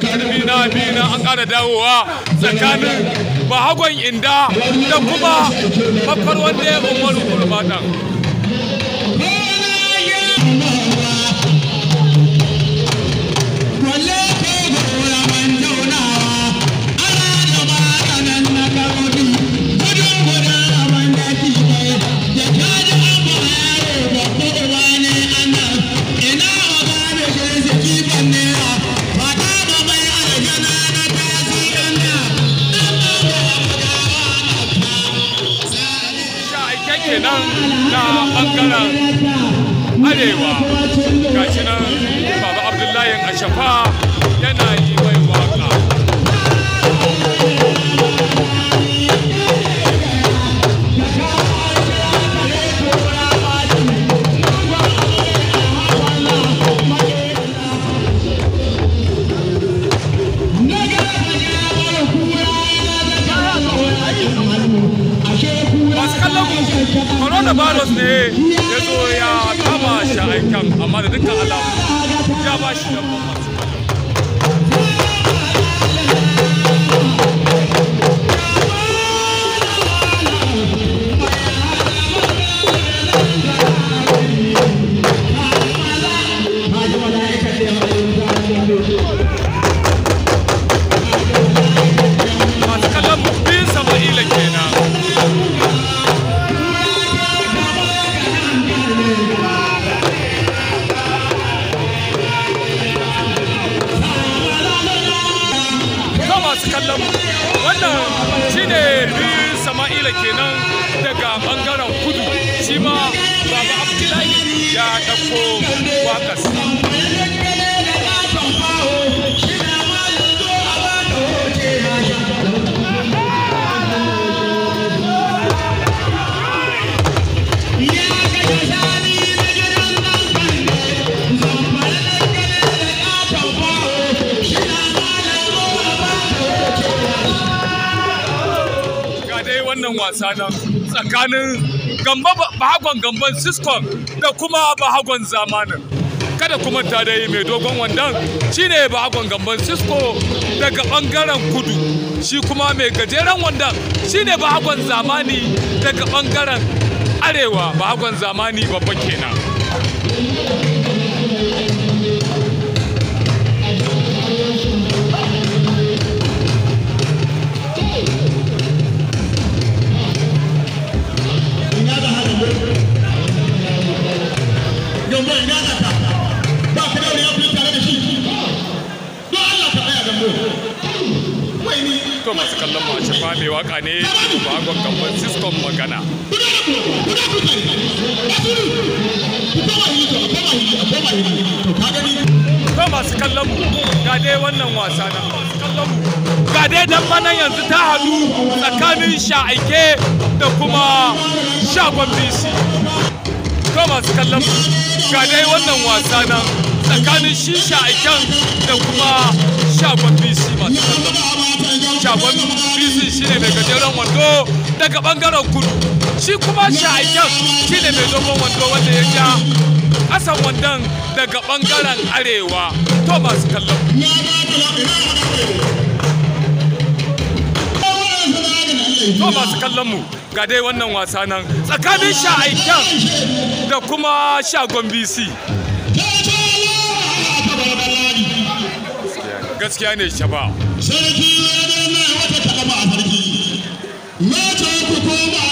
ga karbi na an ƙara dawowa tsakanin bahagon inda da kuma babbar wanda ya umaru kurbaɗan coronavirus ne ya zo ya kama shi aikan amma da dukkan alamu ya ba shi damar masu da kenan daga bangaren kudu shi ma baba abdullahi ya ɗauko wakas wasa nan tsakanin gamba bahagon gamban siskon da kuma bahagon zamanin kada kuma ta dai mai dogon wandan shine bahagon gamban sisko daga bangaren kudu shi kuma mai gajeren wandan shine bahagon zamani daga bangaren arewa bahagon zamani babba kenan to masu kallon mu a shafa mai waka ne ba agon gamban siskon magana to masu kallon mu ga dai wannan wasa nan masu kallon mu ga dai dan manan yanzu ta hadu tsakanin aike da kuma shagon bisi to masu kallon mu ga dai wannan wasa nan tsakanin shi sha'aiken da kuma shagon bisi masu kallon mu shagon bisi shi ne mai gajeren wando daga bangaren kudu shi kuma shagen shi ne mai dogon wando wanda ya ja asan wandon daga bangaren arewa to masu kallon to masu kallon mu ga dai wannan wasa nan tsakanin sha'aikan da kuma shagon bc gaskiya ne shaba zama a farki na ce ku koma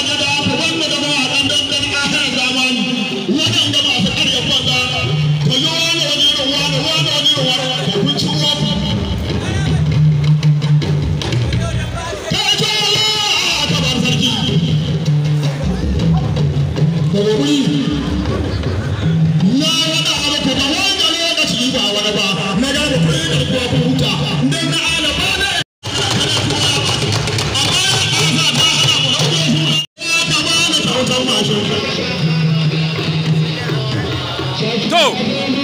to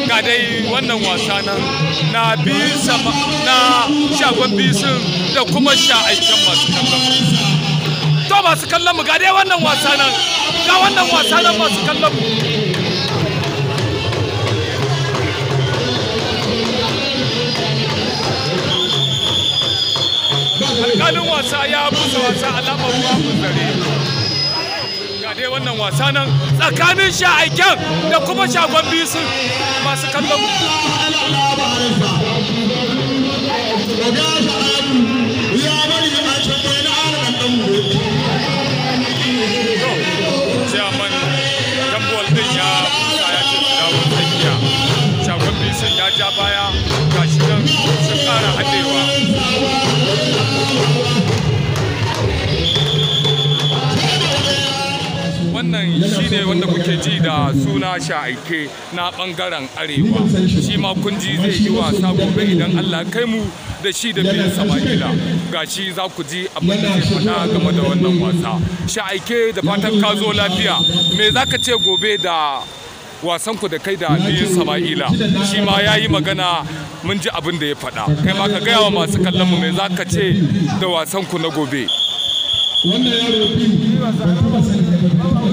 ga dai wannan wasa nan na sama na shagon bisin da kuma sha aikin masu kallon to masu kallon mu ga dai wannan wasa nan ga wannan wasa nan masu kallon mu alƙalin wasa ya busa wasa alamar ruwa mu zare ga dai wannan wasa nan tsakanin sha'aiken da kuma shagon biyu sun masu kallon ya bari a cikin ne wanda kuke ji da suna sha'aike na bangaren arewa shi ma kunji zai yi wasa gobe idan allah kai mu da shi da biyan sama'ila ga shi za ku ji abin da zai faɗa game da wannan wasa sha'aike da fatan ka zo lafiya me za ka ce gobe da wasan ku da kai da biyan sama'ila shi ma ya yi magana mun ji abin da ya faɗa kai ma ka gaya wa masu kallon mu me za ka ce da wasan ku na gobe wannan yaro biyu ba ba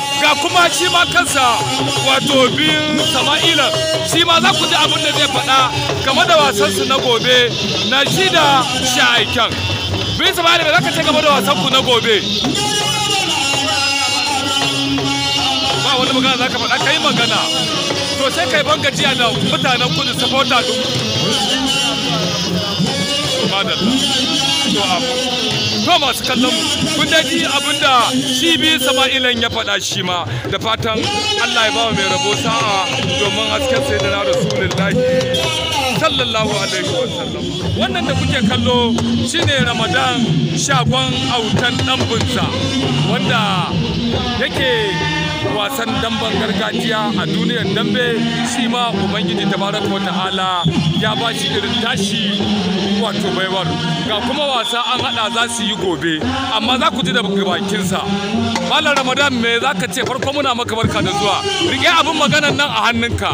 ga kuma shi ma kansa wato bin sama'ila shi ma za ku ji abin da zai faɗa game da wasansu na gobe na shi da sha'aikyan bin sama'ila ba za ka ce game da wasanku na gobe ba wani magana za ka faɗa ka yi magana to sai kai ban gajiya da mutanen kudu supporter duk to masu kallon mu kun daji abinda shi bi sama'ilan ya faɗa shi ma da fatan Allah ya ba mai rabo sa'a domin hasken sai da na rasulullahi sallallahu alaihi wasallam wannan da kuke kallo shine ramadan shagon autan ɗanbinsa wanda yake wasan damben gargajiya a duniyar dambe shi ma ubangiji wata ta'ala ya ba shi irin tashi wato baiwar ga kuma wasa an hada za su yi gobe amma za ku ji da bakinsa malam ramadan me za ka ce farko muna maka barka da zuwa rike abin maganan nan a hannunka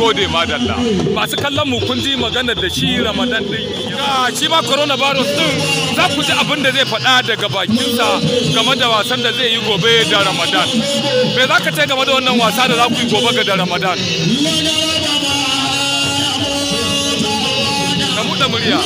gode madalla masu kallon mu kun ji maganar da shi ramadan din ga shi ma coronavirus din za ku ji abin da zai faɗa daga bakinsa game da wasan da zai yi gobe da ramadan me za ka ce game da wannan wasa da za ku yi gobe ga da ramadan ka buɗe murya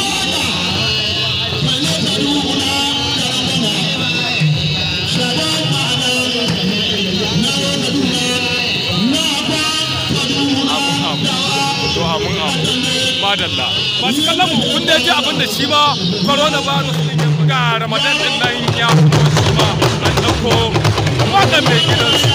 madalla masu kallon mu da ji abin da shi ma corona virus ne ya buga ramadan din nan ya kuma shi ma an dauko da mai gidansu